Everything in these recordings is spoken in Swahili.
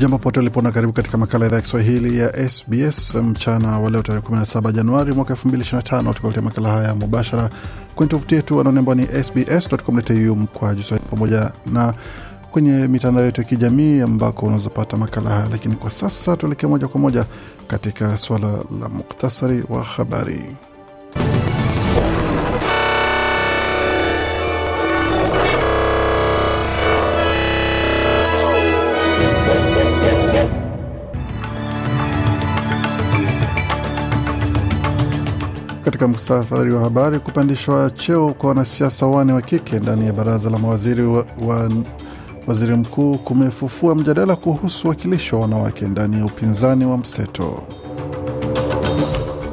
Jambo pote ulipona, karibu katika makala ya idhaa ya Kiswahili ya SBS mchana wa leo tarehe 17 Januari mwaka 2025. Tukuletea makala haya mubashara kwenye tovuti yetu anaone ambao ni sbs.com.au kwa Kiswahili pamoja na kwenye mitandao yetu ya kijamii ambako unaweza pata makala haya, lakini kwa sasa tuelekee moja kwa moja katika suala la muktasari wa habari. Katika mustasari wa habari, kupandishwa cheo kwa wanasiasa wane wa kike ndani ya baraza la mawaziri wa, wa waziri mkuu kumefufua mjadala kuhusu wakilishi wa wanawake ndani ya upinzani wa mseto.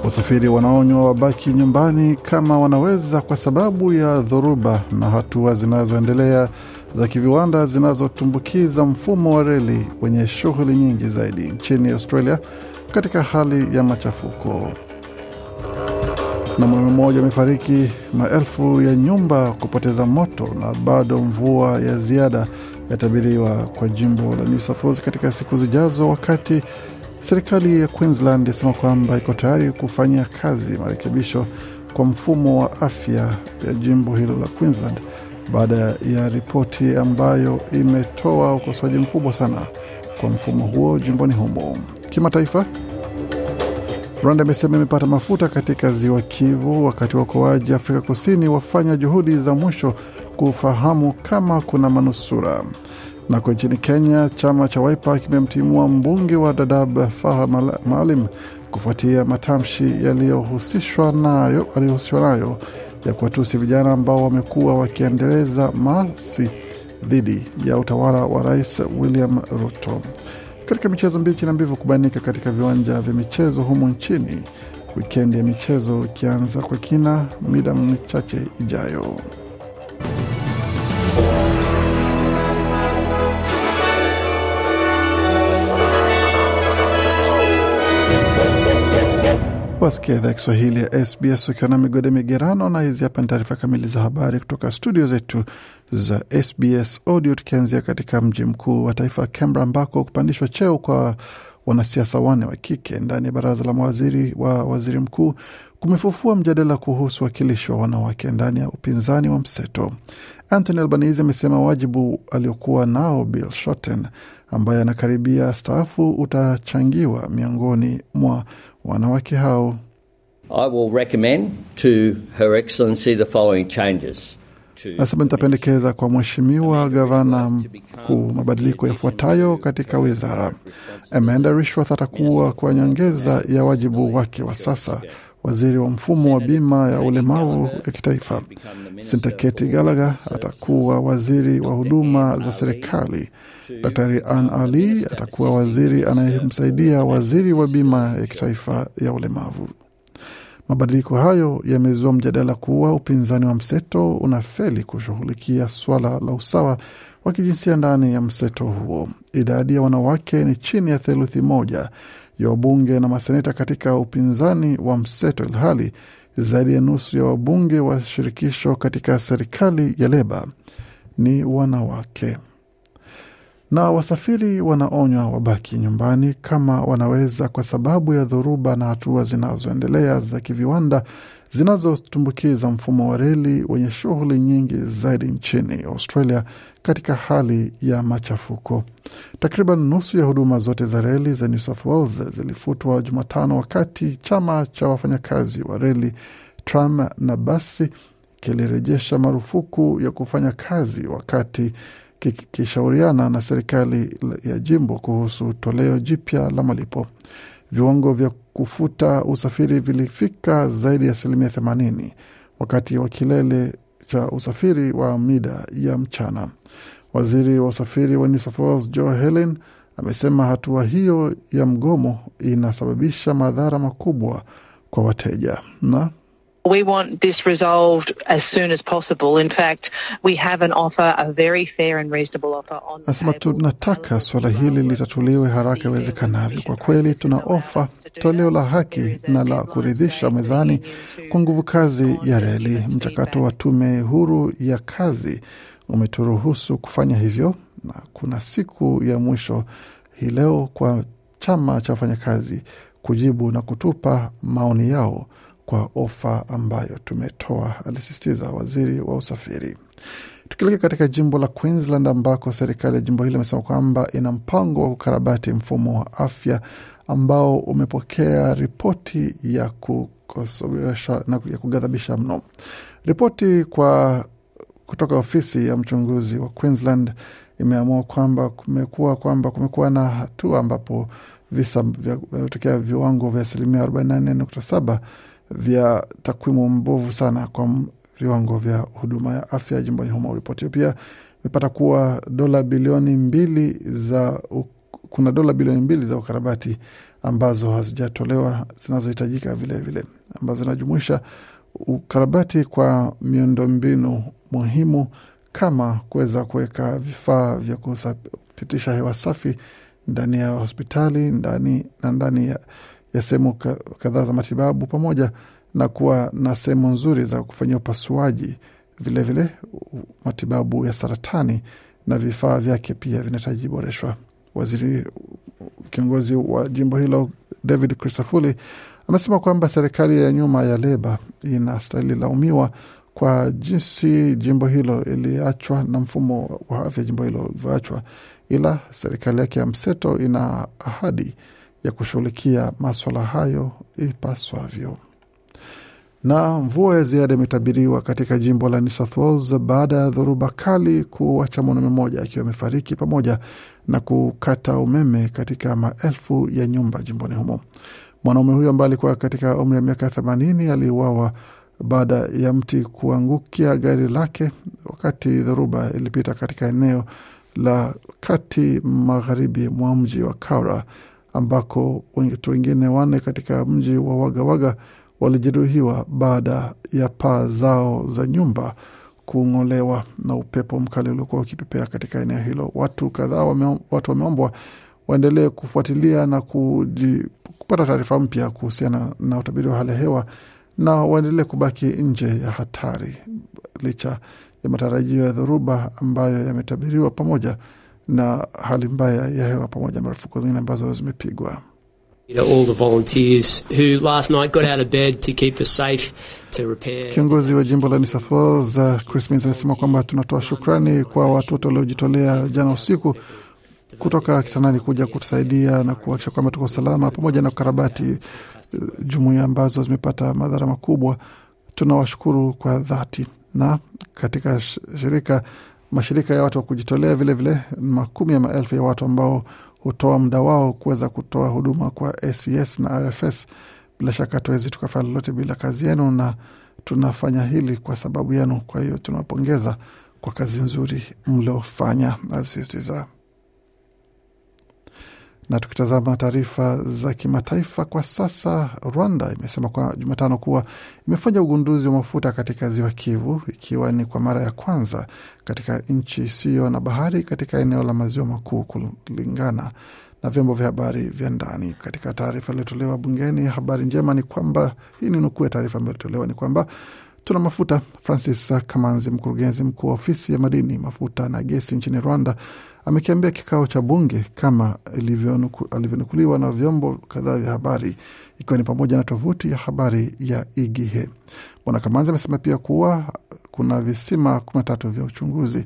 Wasafiri wanaonywa wabaki nyumbani kama wanaweza kwa sababu ya dhoruba na hatua zinazoendelea za kiviwanda zinazotumbukiza mfumo wa reli wenye shughuli nyingi zaidi nchini Australia katika hali ya machafuko na mwanaume mmoja amefariki, maelfu ya nyumba kupoteza moto, na bado mvua ya ziada yatabiriwa kwa jimbo la New South Wales katika siku zijazo, wakati serikali ya Queensland yasema kwamba iko tayari kufanya kazi marekebisho kwa mfumo wa afya ya jimbo hilo la Queensland baada ya ripoti ambayo imetoa ukosoaji mkubwa sana kwa mfumo huo jimboni humo. Kimataifa, Rwanda imesema imepata mafuta katika ziwa Kivu, wakati waokoaji Afrika Kusini wafanya juhudi za mwisho kufahamu kama kuna manusura. Nako nchini Kenya, chama cha waipa kimemtimua mbunge wa dadab Farah Maalim kufuatia matamshi yaliyohusishwa nayo aliyohusishwa nayo ya kuwatusi vijana ambao wamekuwa wakiendeleza maasi dhidi ya utawala wa Rais William Ruto. Katika michezo mbichi na mbivu kubainika katika viwanja vya michezo humo nchini, wikendi ya michezo ikianza kwa kina mida michache ijayo. Wasikia idhaa Kiswahili ya SBS ukiwa na migode migerano, na hizi hapa ni taarifa kamili za habari kutoka studio zetu za SBS Audio, tukianzia katika mji mkuu wa taifa Canberra, ambako kupandishwa cheo kwa wanasiasa wanne wa kike ndani ya baraza la mawaziri wa waziri mkuu kumefufua mjadala kuhusu wakilishi wa wanawake ndani ya upinzani wa mseto. Anthony Albanese amesema wajibu aliokuwa nao Bill Shorten ambaye anakaribia staafu utachangiwa miongoni mwa wanawake hao. I will recommend to Her Excellency the following changes. Nasema nitapendekeza kwa Mheshimiwa Gavana Mkuu mabadiliko yafuatayo katika wizara. Amanda Rishwath atakuwa kwa nyongeza ya wajibu wake wa sasa waziri wa mfumo wa bima ya ulemavu ya kitaifa. Sentaketi Galaga atakuwa waziri wa huduma za serikali. Daktari An Ali atakuwa waziri anayemsaidia waziri wa bima ya kitaifa ya ulemavu. Mabadiliko hayo yamezua mjadala kuwa upinzani wa mseto unafeli kushughulikia swala la usawa wa kijinsia ndani ya mseto huo. Idadi ya wanawake ni chini ya theluthi moja ya wabunge na maseneta katika upinzani wa mseto, ilhali zaidi ya nusu ya wabunge wa shirikisho katika serikali ya Leba ni wanawake. Na wasafiri wanaonywa wabaki nyumbani kama wanaweza, kwa sababu ya dhoruba na hatua zinazoendelea za kiviwanda zinazotumbukiza mfumo wa reli wenye shughuli nyingi zaidi nchini Australia katika hali ya machafuko. Takriban nusu ya huduma zote za reli za New South Wales zilifutwa Jumatano, wakati chama cha wafanyakazi wa reli tram na basi kilirejesha marufuku ya kufanya kazi wakati kikishauriana na serikali ya jimbo kuhusu toleo jipya la malipo. Viwango vya kufuta usafiri vilifika zaidi ya asilimia 80 wakati wa kilele cha usafiri wa mida ya mchana. Waziri wa usafiri wa New South Wales Joe Helen amesema hatua hiyo ya mgomo inasababisha madhara makubwa kwa wateja na We want this resolved as soon as possible. In fact, we have an offer, a very fair and reasonable offer on Nasema tunataka suala hili litatuliwe haraka iwezekanavyo. Kwa kweli tuna ofa toleo la haki na la kuridhisha mezani kwa nguvu kazi ya reli. Mchakato wa tume huru ya kazi umeturuhusu kufanya hivyo, na kuna siku ya mwisho hii leo kwa chama cha wafanyakazi kujibu na kutupa maoni yao kwa ofa ambayo tumetoa, alisisitiza waziri wa usafiri. Tukielekea katika jimbo la Queensland ambako serikali ya jimbo hilo imesema kwamba ina mpango wa kukarabati mfumo wa afya ambao umepokea ripoti ya kukosogesha na ya kugadhabisha mno. Ripoti kwa kutoka ofisi ya mchunguzi wa Queensland imeamua kwamba kumekuwa kwamba kumekuwa na hatua ambapo visa vinavyotokea viwango vya asilimia 44.7 vya takwimu mbovu sana kwa viwango vya huduma ya afya jimboni humo. Ripoti hiyo pia imepata kuwa dola bilioni mbili za kuna dola bilioni mbili za ukarabati ambazo hazijatolewa zinazohitajika vilevile, ambazo zinajumuisha ukarabati kwa miundombinu muhimu kama kuweza kuweka vifaa vya kupitisha hewa safi ndani ya hospitali ndani na ndani ya ya sehemu kadhaa za matibabu pamoja na kuwa na sehemu nzuri za kufanyia upasuaji. Vilevile matibabu ya saratani na vifaa vyake pia vinahitaji boreshwa. Waziri kiongozi wa jimbo hilo David Crisafulli amesema kwamba serikali ya nyuma ya Leba inastahili laumiwa kwa jinsi jimbo hilo iliachwa na mfumo wa afya jimbo hilo ulivyoachwa, ila serikali yake ya mseto ina ahadi ya kushughulikia maswala hayo ipaswavyo. Na mvua ya ziada imetabiriwa katika jimbo la New South Wales baada ya dhoruba kali kuwacha mwanaume mmoja akiwa amefariki pamoja na kukata umeme katika maelfu ya nyumba jimboni humo. Mwanaume huyo ambaye alikuwa katika umri wa miaka themanini aliuawa baada ya mti kuangukia gari lake wakati dhoruba ilipita katika eneo la kati magharibi mwa mji wa Kaura ambako watu wengine wanne katika mji wa Wagawaga walijeruhiwa baada ya paa zao za nyumba kung'olewa na upepo mkali uliokuwa ukipepea katika eneo hilo. Watu kadhaa wame, watu wameombwa waendelee kufuatilia na kuji, kupata taarifa mpya kuhusiana na utabiri wa hali ya hewa na waendelee kubaki nje ya hatari licha ya matarajio ya dhoruba ambayo yametabiriwa pamoja na hali mbaya ya hewa pamoja na marufuku zingine ambazo zimepigwa. Kiongozi wa jimbo la New South Wales uh, Chris Minns anasema kwamba tunatoa shukrani kwa watu wote waliojitolea jana usiku kutoka kitandani kuja kutusaidia na kuhakikisha kwamba tuko salama, pamoja na kukarabati uh, jumuia ambazo zimepata madhara makubwa. Tunawashukuru kwa dhati. Na katika shirika mashirika ya watu wa kujitolea vilevile, makumi ya maelfu ya watu ambao hutoa mda wao kuweza kutoa huduma kwa acs na RFS. Bila shaka tuwezi tukafanya lolote bila kazi yenu, na tunafanya hili kwa sababu yenu. Kwa hiyo tunawapongeza kwa kazi nzuri mliofanya, asistiza na tukitazama taarifa za kimataifa kwa sasa, Rwanda imesema kwa Jumatano kuwa imefanya ugunduzi wa mafuta katika ziwa Kivu, ikiwa ni kwa mara ya kwanza katika nchi isiyo na bahari katika eneo la maziwa makuu, kulingana na vyombo vya habari vya ndani. Katika taarifa iliyotolewa bungeni, habari njema ni kwamba hii ni nukuu ya taarifa ambayo ilitolewa ni kwamba Tuna mafuta. Francis Kamanzi, mkurugenzi mkuu wa ofisi ya madini, mafuta na gesi nchini Rwanda, amekiambia kikao cha bunge kama alivyonukuliwa na vyombo kadhaa vya habari ikiwa ni pamoja na tovuti ya habari ya igh Bwana Kamanzi amesema pia kuwa kuna visima kumi na tatu vya uchunguzi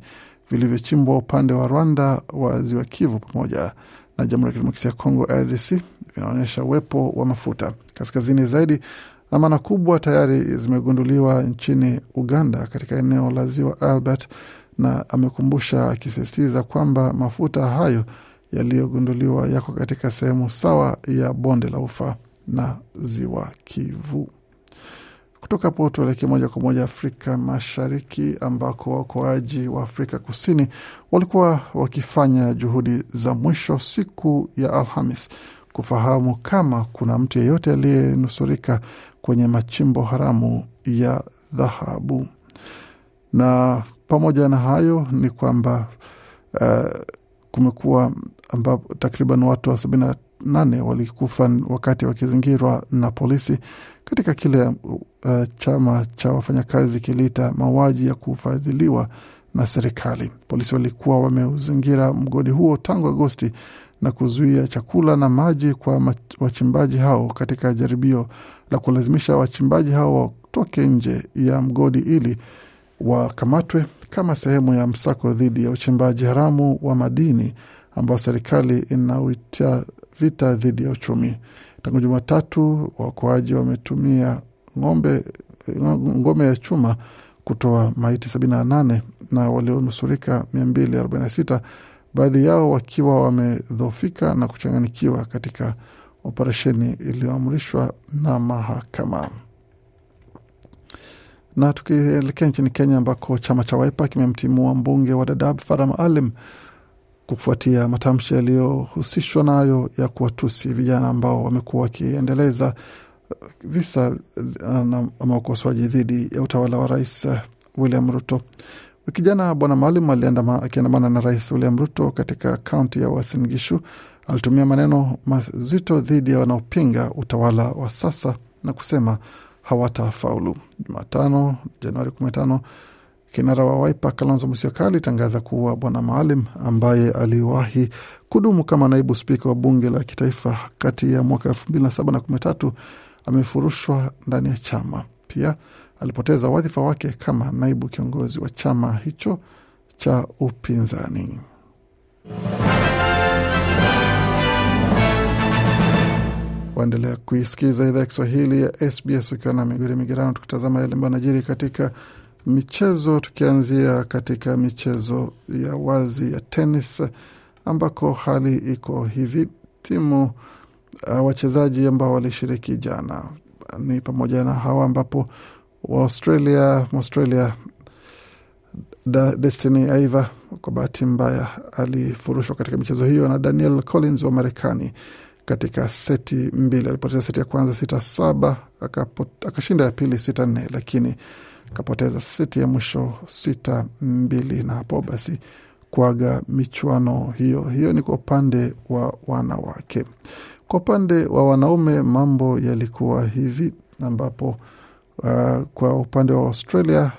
vilivyochimbwa upande wa Rwanda wa ziwa Kivu pamoja na Jamhuri ya Kidemokrasia ya Kongo, RDC, vinaonyesha uwepo wa mafuta. Kaskazini zaidi Dhamana kubwa tayari zimegunduliwa nchini Uganda katika eneo la ziwa Albert, na amekumbusha akisisitiza kwamba mafuta hayo yaliyogunduliwa yako katika sehemu sawa ya bonde la ufa na ziwa Kivu. Kutoka po tuelekee moja kwa moja Afrika Mashariki, ambako waokoaji wa Afrika Kusini walikuwa wakifanya juhudi za mwisho siku ya Alhamis kufahamu kama kuna mtu yeyote aliyenusurika kwenye machimbo haramu ya dhahabu. Na pamoja na hayo ni kwamba uh, kumekuwa ambapo takriban watu wa sabini na nane walikufa wakati wakizingirwa na polisi katika kile uh, chama cha wafanyakazi kiliita mauaji ya kufadhiliwa na serikali. Polisi walikuwa wameuzingira mgodi huo tangu Agosti na kuzuia chakula na maji kwa wachimbaji hao katika jaribio la kulazimisha wachimbaji hao watoke nje ya mgodi ili wakamatwe kama sehemu ya msako dhidi ya uchimbaji haramu wa madini ambao serikali inauita vita dhidi ya uchumi. Tangu Jumatatu, waokoaji wametumia ngombe ngome ya chuma kutoa maiti 78 na walionusurika 246 baadhi yao wakiwa wamedhofika na kuchanganikiwa katika operesheni iliyoamrishwa na mahakama. Na tukielekea nchini Kenya, ambako chama cha Waipa kimemtimua mbunge wa dadab Faram Alim kufuatia matamshi yaliyohusishwa nayo ya kuwatusi vijana ambao wamekuwa wakiendeleza visa ama ukosoaji dhidi ya utawala wa rais uh, William Ruto. Wiki jana bwana malim akiandamana na rais William Ruto katika kaunti ya Uasin Gishu alitumia maneno mazito dhidi ya wanaopinga utawala wa sasa na kusema hawatafaulu. Jumatano Januari 15 kinara wa Waipa Kalonzo Musyoka alitangaza kuwa bwana Maalim ambaye aliwahi kudumu kama naibu spika wa bunge la kitaifa kati ya mwaka 2007 na 13 amefurushwa ndani ya chama. Pia alipoteza wadhifa wake kama naibu kiongozi wa chama hicho cha upinzani. Waendelea kuisikiza idhaa ya Kiswahili ya SBS ukiwa na migori migerano, tukitazama yale ambayo najiri katika michezo, tukianzia katika michezo ya wazi ya tenis ambako hali iko hivi timu uh, wachezaji ambao walishiriki jana ni pamoja na hawa ambapo Waaustralia Mwaustralia Destiny Aiva kwa bahati mbaya alifurushwa katika michezo hiyo na Daniel Collins wa Marekani katika seti mbili. Alipoteza seti ya kwanza sita saba, akashinda ya pili sita nne, lakini akapoteza seti ya mwisho sita mbili, na hapo basi kuaga michuano hiyo. Hiyo ni kwa upande wa wanawake. Kwa upande wa wanaume mambo yalikuwa hivi ambapo uh, kwa upande wa Australia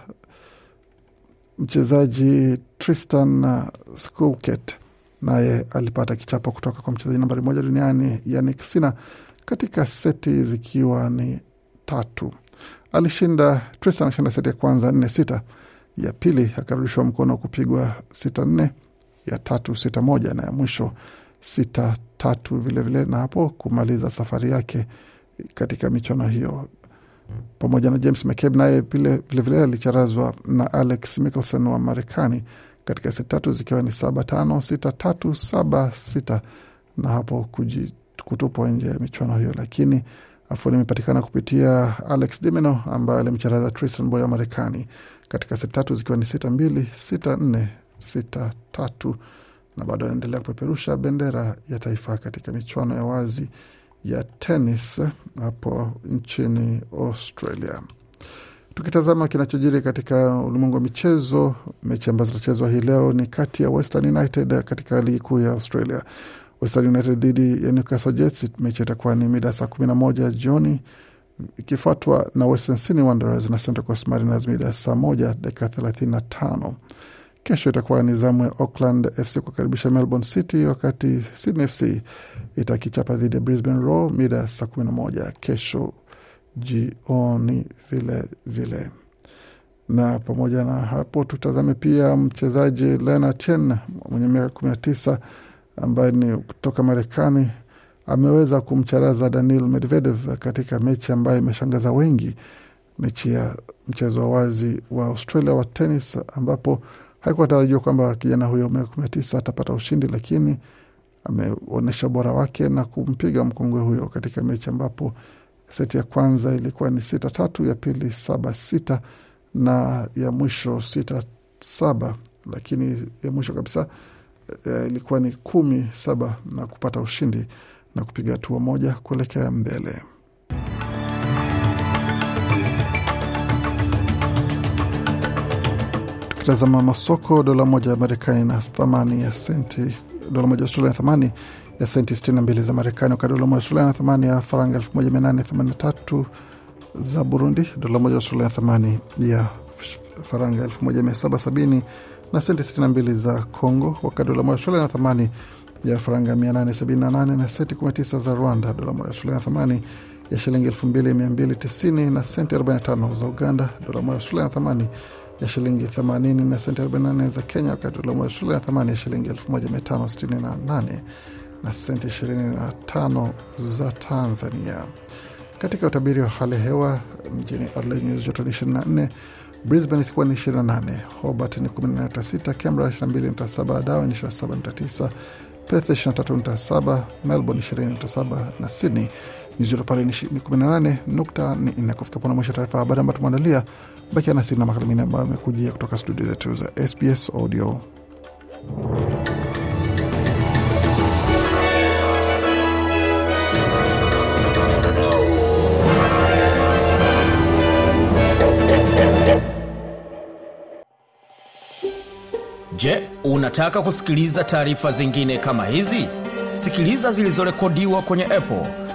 mchezaji Tristan uh, Skulket naye alipata kichapo kutoka kwa mchezaji nambari moja duniani Yannick Sinner katika seti zikiwa ni tatu. Alishinda, Tristan alishinda seti ya kwanza nne sita, ya pili akarudishwa mkono kupigwa sita nne, ya tatu sita moja na ya mwisho sita tatu vilevile vile, na hapo kumaliza safari yake katika michuano hiyo pamoja na James McCabe naye vilevile alicharazwa na Alex Mickelson wa Marekani katika seti tatu zikiwa ni saba tano sita tatu saba sita na hapo kutupwa nje ya michuano hiyo, lakini afuni imepatikana kupitia Alex Dimino ambaye alimcharaza Tristan Boy wa Marekani katika seti tatu zikiwa ni sita mbili sita nne sita tatu na bado anaendelea kupeperusha bendera ya taifa katika michuano ya wazi ya tenis hapo nchini Australia. Tukitazama kinachojiri katika ulimwengu wa michezo, mechi ambazo zinachezwa hii leo ni kati ya Western United katika ligi kuu ya Australia, Western United dhidi ya Newcastle Jets. Mechi itakuwa ni mida saa kumi na moja jioni ikifuatwa na Western Sydney Wanderers na Central Coast Mariners mida saa moja dakika thelathini na tano. Kesho itakuwa ni zamu ya Auckland FC kukaribisha Melbourne City, wakati Sydney FC itakichapa dhidi ya Brisbane Roar mida ya saa kumi na moja kesho jioni vile vile. Na pamoja na hapo, tutazame pia mchezaji Lena Chen mwenye miaka kumi na tisa ambaye ni kutoka Marekani ameweza kumcharaza Daniil Medvedev katika mechi ambayo imeshangaza wengi, mechi ya mchezo wa wazi wa Australia wa tenis ambapo Haikuwa tarajia kwamba kijana huyo miaka kumi na tisa atapata ushindi, lakini ameonyesha ubora wake na kumpiga mkongwe huyo katika mechi ambapo seti ya kwanza ilikuwa ni sita tatu, ya pili saba sita na ya mwisho sita saba, lakini ya mwisho kabisa e, ilikuwa ni kumi saba na kupata ushindi na kupiga hatua moja kuelekea mbele. Tukitazama masoko, dola moja ya Marekani na thamani ya senti, dola moja Australia na thamani ya senti 62 za Marekani, wakati dola moja Australia na thamani ya faranga 1883 za Burundi, dola moja Australia na thamani ya faranga 1770 na senti 62 za Congo, wakati dola moja Australia na thamani ya faranga 878 na senti 19 za Rwanda, dola moja Australia na thamani ya shilingi 2290 na senti 45 za Uganda, dola moja Australia na thamani ya shilingi 80 na senti 44 za Kenya, wakati dola moja ya Australia na thamani ya shilingi 1568 na senti 25 za Tanzania. Katika utabiri wa hali ya hewa mjini Adelaide nyuzi joto ni 24, Brisbane isikuwa ni 28, Hobart ni 16 Canberra 22.7, Darwin 27.9, Perth 23.7, Melbourne 20.7 na Sydney Nyuzi joto pale ni 18 kufika pona mwisho taarifa ya habari ambayo tumeandalia. Bakia nasi na makala mengine ambayo amekujia kutoka studio zetu za SBS Audio. Je, unataka kusikiliza taarifa zingine kama hizi? Sikiliza zilizorekodiwa kwenye Apple